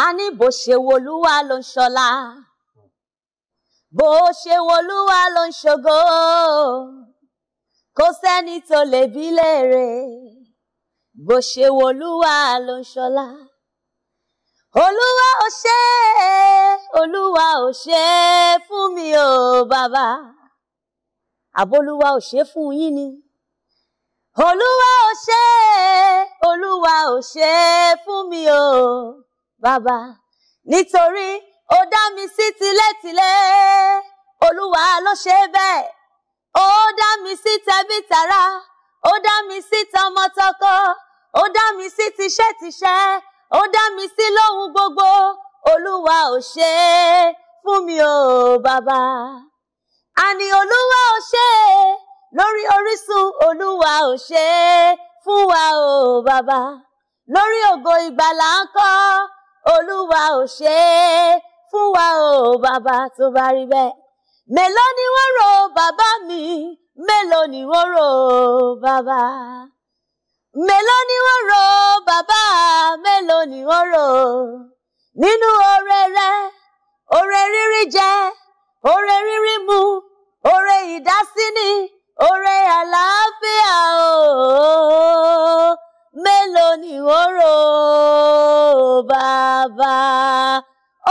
a ní bó ṣe wolúwa ló ń ṣọlá bó ṣe wolúwa ló ń ṣògo kò sẹ́ni tó lè bí léèrè bó ṣe wolúwa ló ń ṣọlá olúwa ò ṣe olúwa ò ṣe fún mi o bàbá àbólúwa ò ṣe fún yín ni olúwa ò ṣe olúwa ò ṣe fún mi o bàbá nítorí ó dá mi sí tilétilé olúwa ló ṣe bẹ́ẹ̀ ó dá mi sí tẹbítara ó dá mi sí tọmọtọkọ ó dá mi sí tiṣẹ́tiṣẹ́ ó dá mi sí lóhun gbogbo olúwa ò ṣe fún mi o bàbá àní olúwa ò ṣe é lórí Orísun olúwa ò ṣe fún wa o bàbá lórí ògo ìgbàlà ń kọ́ olúwa ò ṣe é fún wa o bàbá tó bá rí bẹ́ẹ̀. mélòó ni wọ́n rò bàbá mi mélòó ni wọ́n rò bàbá. mélòó ni wọ́n rò bàbá mélòó ni wọ́n rò. nínú ore rẹ ore rírí jẹ oore rírí mu oore ìdásí ni oore àlàáfíà o mélòó ni ó rò bàbá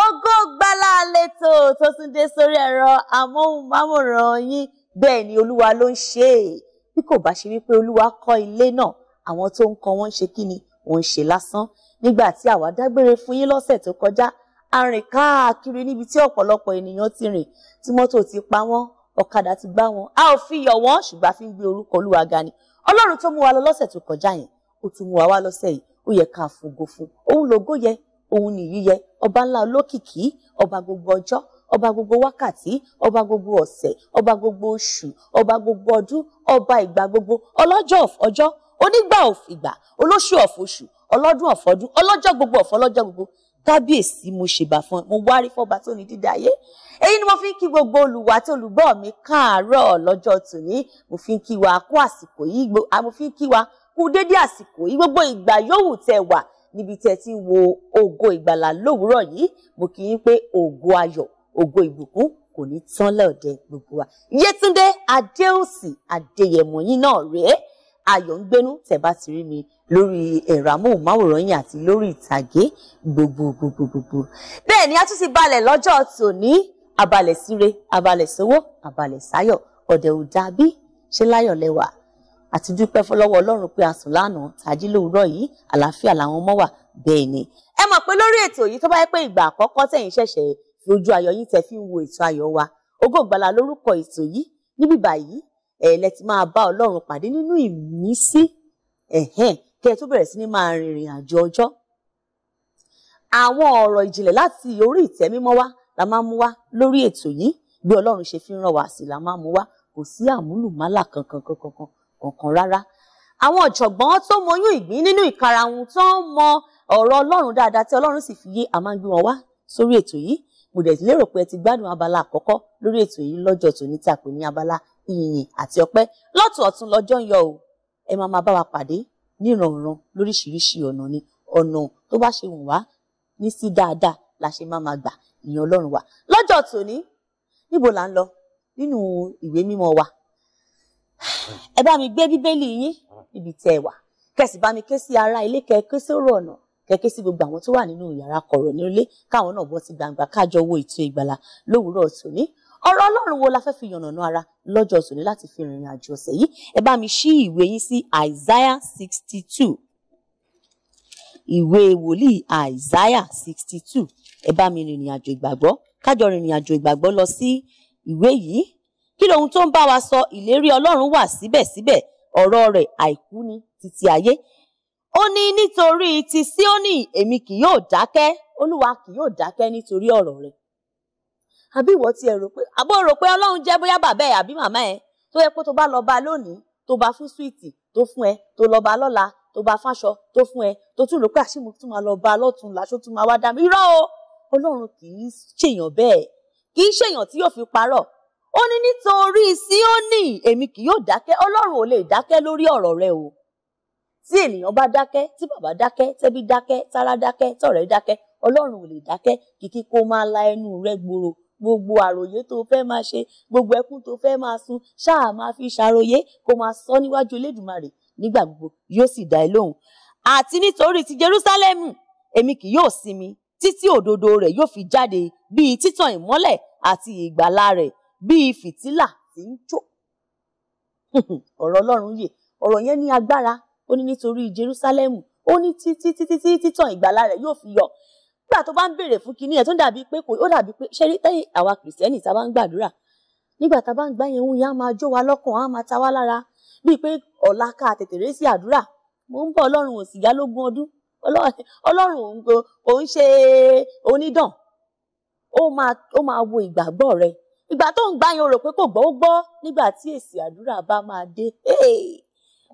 ògo gbala lẹ́tọ̀ tó tún dé sórí ẹ̀rọ amóhùnmáwòrán yín bẹ́ẹ̀ ni olúwa ló ń ṣe é bí kò bá ṣe wípé olúwa kọ́ ilé náà àwọn tó ń kọ́ wọn ń ṣe kí ni wọ́n ń ṣe lásán nígbà tí àwa dágbére fún yín lọ́sẹ̀ tó kọjá a káàkiri níbi tí ọ̀pọ̀lọpọ̀ ènìyàn ti rìn tí mọ́tò ti pa wọ́n ọ̀kadà ti gbá wọn a ò fi yọ̀ wọ́n ṣùgbọ́n a fi ń gbé orúkọ olúwa ga ni ọlọ́run tó mú wa lọ lọ́sẹ̀ tó kọjá yẹn ó tún mú wa wá lọ́sẹ̀ yìí ó yẹ ká fògo fún òun lògo yẹ òun nìyí yẹ ọba ńlá olókìkí ọba gbogbo ọjọ́ ọba gbogbo wákàtí ọba gbogbo ọ̀sẹ̀ ọba gbogbo oṣù ọba gbogbo ọdún ọba ìgbà gbogbo ọlọ́jọ́ ọjọ́ onígbà ìgbà olóṣù ọ̀fọ̀ṣù ọlọ́dún ọ̀fọ̀dún ọlọ́jọ́ gbogbo ọ̀fọ̀ ọlọ́jọ́ gbogbo kábíyèsí mo ṣèbà fún ẹ mo wárí fọba tó ní dídá ayé èyí ni mo fi ń kí gbogbo olùwà tó olùgbọ́ mi káàárọ̀ lọ́jọ́ tòní mo fi ń kí wa kó àsìkò yìí mo fi ń kí wa kú dédé àsìkò yìí gbogbo ìgbà yòówù tẹ́ wà níbi tẹ́ ti wo ògo ìgbàlà lówùúrọ̀ yìí mo kì í pé ògo ayọ̀ ògo ìbùkún kò ní tán lọ́ọ̀dẹ gbogbo wa Yétúndé Adéòsì Adéyẹmọ yín náà rèé ayọ̀ ń gbénú tẹ́ bá ti rí mi lórí ẹ̀rọ amóhùnmáwòrán yín àti lórí ìtàgé gbogbo gbogbo gbogbo bẹ́ẹ̀ ni a tún ti balẹ̀ lọ́jọ́ tòní abalẹ̀ síre abalẹ̀ sówó abalẹ̀ sáyọ̀ ọ̀dẹ̀ ò dàbí ṣe láyọ̀ lẹ́wàá àti dúpẹ́ fọlọ́wọ́ ọlọ́run pé a sùn lánàá tàjí lòwúrọ̀ yìí àlàáfíà làwọn ọmọ wà bẹ́ẹ̀ ni. ẹ mọ̀ pé lórí ètò yìí tó bá yẹ pé ìgbà àkọ́kọ́ tẹ̀yin ṣẹ̀ṣẹ̀ fi ojú ayọ̀ yín tẹ́ fi ń wo ètò ayọ̀ wa Ògo Ìgbàlà lórúkọ ètò yìí níbí báyìí ẹ̀ lẹ ti máa bá ọlọ́run pàdé nínú ìmísí ẹ̀hẹ́n ẹ tó bẹ̀rẹ̀ sí ní máa rìnrìn àjò ọjọ́ àwọn ọ̀rọ̀ ìjìnlẹ̀ láti orí ìtẹ́ mímọ́ wá la máa mú wá lórí ètò yìí bí ọlọ́run ṣe fi ń ràn wá sí la máa mú wá kò sí àmúlùmálà kankan kankan kankan rárá àwọn ọ̀jọ̀gbọ́n tó mọyún ìgbín nínú ìkarahun tó ń mọ ọ̀rọ̀ ọlọ́run dáadáa tí ọlọ́run sì fi yé a máa ń gbé wọn wá sórí ètò yìí mo dẹ̀ lérò pé ẹ ti gbádùn abala àkọ́kọ́ lórí ètò yìí lọ́jọ́ tòní tí a pè ní abala ìyìn àti ọpẹ́ lọ́tọ̀ ọ̀tún lọ́jọ́ ń yọ o ẹ máa máa bá wa pàdé nírànràn lóríṣiríṣi ọ̀nà ni ọ̀nà tó bá ṣe wù wá ní sí dáadáa la ṣe máa máa gbà ìyìn ọlọ́run wa lọ́jọ́ tòní níbo là ń lọ nínú ìwé mímọ́ wa ẹ bá mi gbé bíbélì yín ibi tẹ́ wà kẹsì bá mi ké sí ara ilé kẹ ké sórò ọ̀nà kẹ ké sí gbogbo àwọn tó wà nínú yàrá kọ̀rọ̀ nílé káwọn náà bọ́ sí gbangba kájọ wo ètò ìgbàlà lówùúrọ̀ tòní ọ̀rọ̀ ọlọ́run wo la fẹ́ fi yànnàná ara lọ́jọ́ tòní láti fi rìnrìn àjò ọ̀sẹ̀ yìí ẹ bá mi ṣí ìwé yín sí Isaiah sixty two ìwé wòlíì Isaiah sixty two ẹ bá mi rìnrìn àjò ìgbàgbọ́ kájọ rìnrìn àjò ìgbàgbọ́ lọ sí ìwé yìí kí lohun tó ń bá wa sọ ìlérí ọlọ́run wà síbẹ̀síbẹ̀ ọ̀rọ̀ rẹ̀ àìkú ní títí ayé ó ní nítorí ti Síónì èmi kì yóò dákẹ́ olúwa kì yóò dákẹ́ nítorí ọ̀rọ̀ rẹ̀ àbí ìwọ tí ẹ rò pé àbó rò pé ọlọ́run jẹ́ bóyá bàbá ẹ àbí màmá ẹ tó yẹ pé tó bá lọ bá lónìí tó bá fún súwìtì tó fún ẹ tó lọ bá lọ́la tó bá fáṣọ tó fún ẹ tó tún rò pé àṣìmọ tún máa lọ bá lọ́tún làṣọ tún máa wá dá mi irọ́ o ọlọ́run kì í ṣèyàn bẹ́ẹ̀ kì í ṣèyàn tí yóò fi parọ́ ó ní nítorí Síónì èmi kì yóò dákẹ́ ọlọ́run ò lè dákẹ́ lórí ọ̀rọ̀ rẹ o tí ènìyàn bá dákẹ́ tí bàbá dákẹ́ tẹ́bí dákẹ́ tara dákẹ́ tọ̀rẹ́ dákẹ́ ọlọ́run ò lè dákẹ́ kìkì kó máa la ẹnu rẹ gbòòrò gbogbo àròyé tó fẹ́ máa ṣe gbogbo ẹkún tó fẹ́ máa sun ṣáà máa fi ṣàròyé kó máa sọ níwájú Elédùmarè nígbà gbogbo yóò sì dá ẹ lóhùn àti nítorí ti Jerúsálẹ́mù èmi kì yóò sinmi títí òdodo rẹ̀ yóò fi jáde bíi títàn ìmọ́lẹ̀ àti ìgbàlà rẹ̀ bíi fìtílà tí ń jó ọ̀rọ̀ ọlọ́run yè ọ̀rọ̀ yẹn ní agbára ó ní nítorí Jerúsálẹ́mù ó ní títí títí títí títàn ìgbàlà rẹ̀ yóò fi yọ nígbà tó bá ń béèrè fún kinní ẹ̀ tó dàbí pé kò ó dàbí pé ṣé rí tẹ́yìn àwa kìrìsìtẹ́nì tá a bá ń gbàdúrà nígbà tá a bá ń gbá yẹn wúyẹn á máa jó wa lọ́kàn á máa ta wá lára bíi pé ọ̀la ká tètè ré sí àdúrà mo ń bọ̀ ọlọ́run ò sì yá lógún ọdún ọlọ́run ò ń ṣe onídàn ó máa wo ìgbàgbọ́ rẹ ìgbà tó ń gbáyan rò pé kò gbọ́ ó gbọ́ nígbà tí èsì àdúrà bá máa dé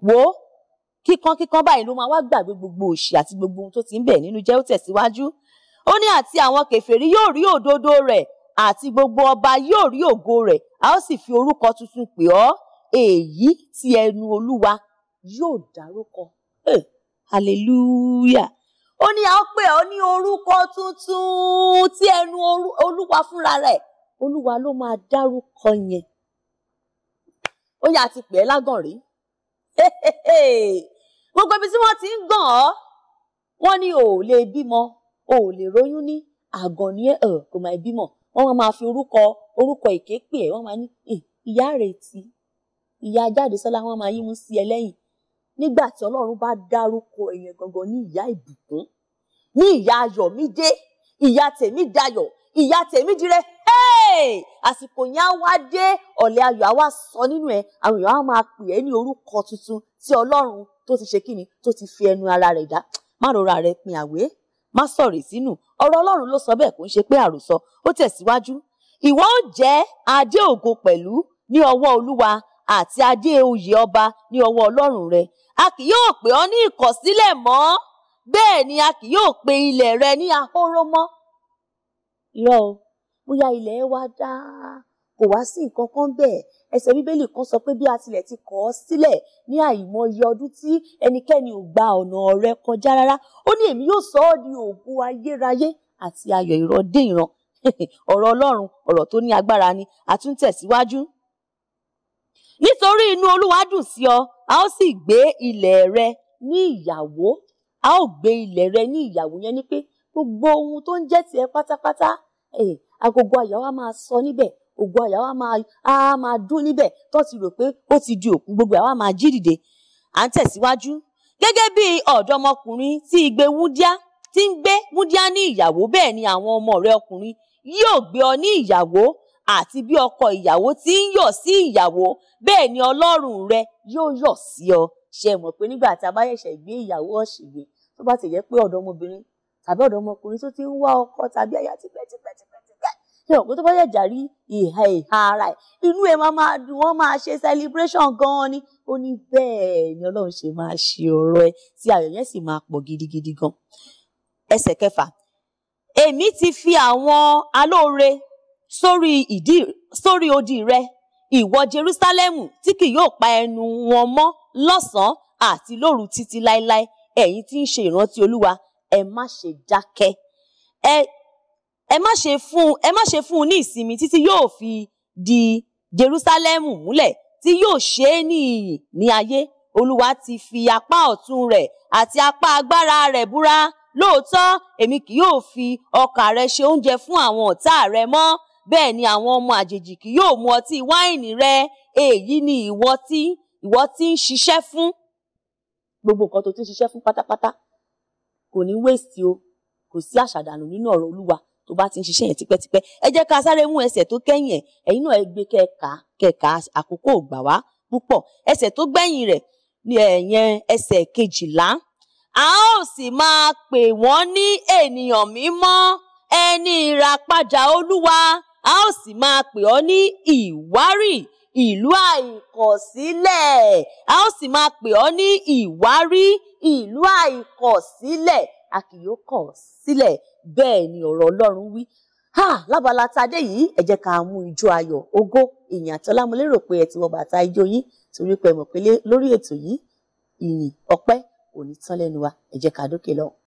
wò ó kíkan kíkan báyìí ló máa wá gbàgbé gbogbo òṣì àti gbogbo ohun tó ti ń bẹ nínú jẹ́ ó tẹ̀síwájú ó ní àti àwọn kèfèrí yóò rí òdodo rẹ̀ àti gbogbo ọba yóò rí ògo rẹ̀ a ó sì fi orúkọ tuntun pè ọ́ èyí tí ẹnu olúwa yóò dárúkọ hallelujah ó ní a ó pè ọ́ ní orúkọ tuntun tí ẹnu olúwa fúnra rẹ̀ olúwa ló máa dárúkọ yẹn ó yà á ti pè é lágàn rí gbogbo ibi tí wọ́n ti ń gàn ọ́ wọ́n ní ò lè bímọ ò lè róyún ní àgàn ní ẹ̀ kò máa bímọ wọ́n máa fi orúkọ orúkọ èké pè ẹ́ wọ́n máa ní ìyá rẹ̀ ìyá jáde sọlá wọ́n máa yí sí ẹ lẹ́yìn nígbà tí Ọlọ́run bá dárúkọ èèyàn gangan ní ìyá ìbùkún ní ìyá ayọ̀ mi dé ìyá tèmi dayọ̀ ìyá tèmi dire àsìkò yẹn á wá dé ọ̀lẹ́ ayọ̀ á wá sọ nínú ẹ̀ àwọn èèyàn á máa pè ẹ́ ní orúkọ tuntun tí ọlọ́run tó ti ṣe kíni tó ti fi ẹnu ara rẹ̀ dá má rora rẹ̀ pin àwé má sọ̀rì sínú ọ̀rọ̀ ọlọ́run ló sọ bẹ́ẹ̀ kò ń ṣe pé àròsọ ó tẹ̀síwájú ìwọ ó jẹ́ adé ògo pẹ̀lú ní ọwọ́ olúwa àti adé oyè ọba ní ọwọ́ ọlọ́run rẹ a kì yóò pè ọ́ ní ìkọ̀sílẹ̀ mọ́ bẹ́ẹ̀ ni a kì yóò pe ilẹ̀ rẹ ní ahóró mọ́ irọ́ o bóyá ilẹ̀ wa dá kò wá sí nǹkan kan bẹ́ẹ̀ ẹsẹ̀ bíbélì kan sọ pé bí a tilẹ̀ ti kọ̀ ọ́ sílẹ̀ ní àìmọye ọdún tí ẹnikẹ́ni ò gba ọ̀nà rẹ kọjá rárá ó ní èmi yóò sọ ọ́ di ògùn ayérayé àti ayọ̀ ìrọ̀dé ìran ọ̀rọ̀ ọlọ́run ọ̀rọ̀ tó ní agbára ni a tún tẹ̀síwájú. nítorí inú olúwa dùn sí ọ a ó sì gbé ilẹ̀ rẹ ní ìyàwó a ó gbé ilẹ̀ rẹ ní ìyàwó yẹn ni pé gbogbo ohun tó ń jẹ́ tiẹ̀ pátápátá eh, agogo àyà wa máa sọ níbẹ̀ ògo àyà wa máa á máa dún níbẹ̀ tó ti rò pé ó ti di òkú gbogbo àwa máa jí dìde à ń tẹ̀síwájú gẹ́gẹ́ bí ọ̀dọ́mọkùnrin tí igbe wúdíá ti ń gbé wúdíá ní ìyàwó bẹ́ẹ̀ ni àwọn ọmọ rẹ ọkùnrin yóò gbé ọ ní ìyàwó àti bí ọkọ ìyàwó ti ń yọ̀ sí ìyàwó bẹ́ẹ̀ ni ọlọ́run rẹ yóò yọ̀ sí ọ ṣe mọ̀ pé nígbà tá a bá ṣẹ̀ṣẹ̀ gbé ìyàwó ọ̀ṣìgbè tó bá ti jẹ́ pé ọ̀dọ́mọbìnrin tàbí ọ̀dọ́mọkùnrin tó ti ń wá ọkọ tàbí aya tipẹ́tipẹ́tipẹ́ ṣe òkú tó bá yàjà rí ìhà ìhà ara ẹ̀ inú ẹ̀ máa máa dùn wọ́n máa ṣe celebration gan-an ni ó ní bẹ́ẹ̀ ni ọlọ́run ṣe máa ṣe ọ̀rọ̀ ẹ tí ayọ̀ yẹn sì máa pọ̀ gidigidi gan. ẹsẹ̀ kẹfà èmi ti fi àwọn alóore sórí ìdí sórí odi rẹ ìwọ Jerusalemu. tí kì yóò pa ẹnu wọn mọ́ lọ́sàn-án àti lóru títí láéláé ẹ̀yin tí ń ṣe ìrántí Olúwa ẹ má ṣe dákẹ́ ẹ má ṣe fún ẹ má ṣe fún un ní ìsinmi títí yóò fi di Jerusalemu, múlẹ̀ tí yóò ṣe é ní iyì ní ayé olúwa ti fi apá ọ̀tún rẹ̀ àti apá agbára rẹ̀ búra lóòótọ́ èmi kì yóò fi ọkà rẹ ṣe oúnjẹ fún àwọn ọ̀tá rẹ mọ́ bẹ́ẹ̀ ni àwọn ọmọ àjèjì kì yóò mu ọtí wáìnì rẹ èyí ni ìwọ tí ìwọ tí ń ṣiṣẹ́ fún gbogbo nǹkan tó ti ń ṣiṣẹ́ fún pátápátá kò ní wéèsì o kò sí àṣàdànù nínú ọ̀rọ̀ olúwa tó bá ti ń ṣiṣẹ́ yẹn tipẹ́tipẹ́ ẹ jẹ́ ká sáré mú ẹsẹ̀ tó kẹ́yìn ẹ̀ ẹ̀yin náà ẹ gbé kẹ́ẹ̀ka kẹ́ẹ̀ka àkókò gbà wá púpọ̀ ẹsẹ̀ tó gbẹ̀yìn rẹ̀ ni ẹ̀yẹn ẹsẹ̀ kejìlá a ó sì máa pè wọ́n ní ènìyàn mímọ́ ẹni ìràpadà olúwa a ó sì máa pè ọ́ ní ìwárì ìlú àìkọ̀sílẹ̀ a ó sì máa pè ọ́ ní ìwárí ìlú àìkọ̀sílẹ̀ a sílẹ̀ bẹ́ẹ̀ ni ọ̀rọ̀ Ọlọ́run wí ha lábala tadé yìí ẹ jẹ́ ká mú ijó ayọ̀ ògo ìyìn àtọlá mo lérò pé ẹ ti wọ bàtà ijó yín torí pé mọ̀ pé lórí ètò yìí ìyìn ọpẹ́ òní tán lẹ́nu wa ẹ jẹ́ ká dókè lọ.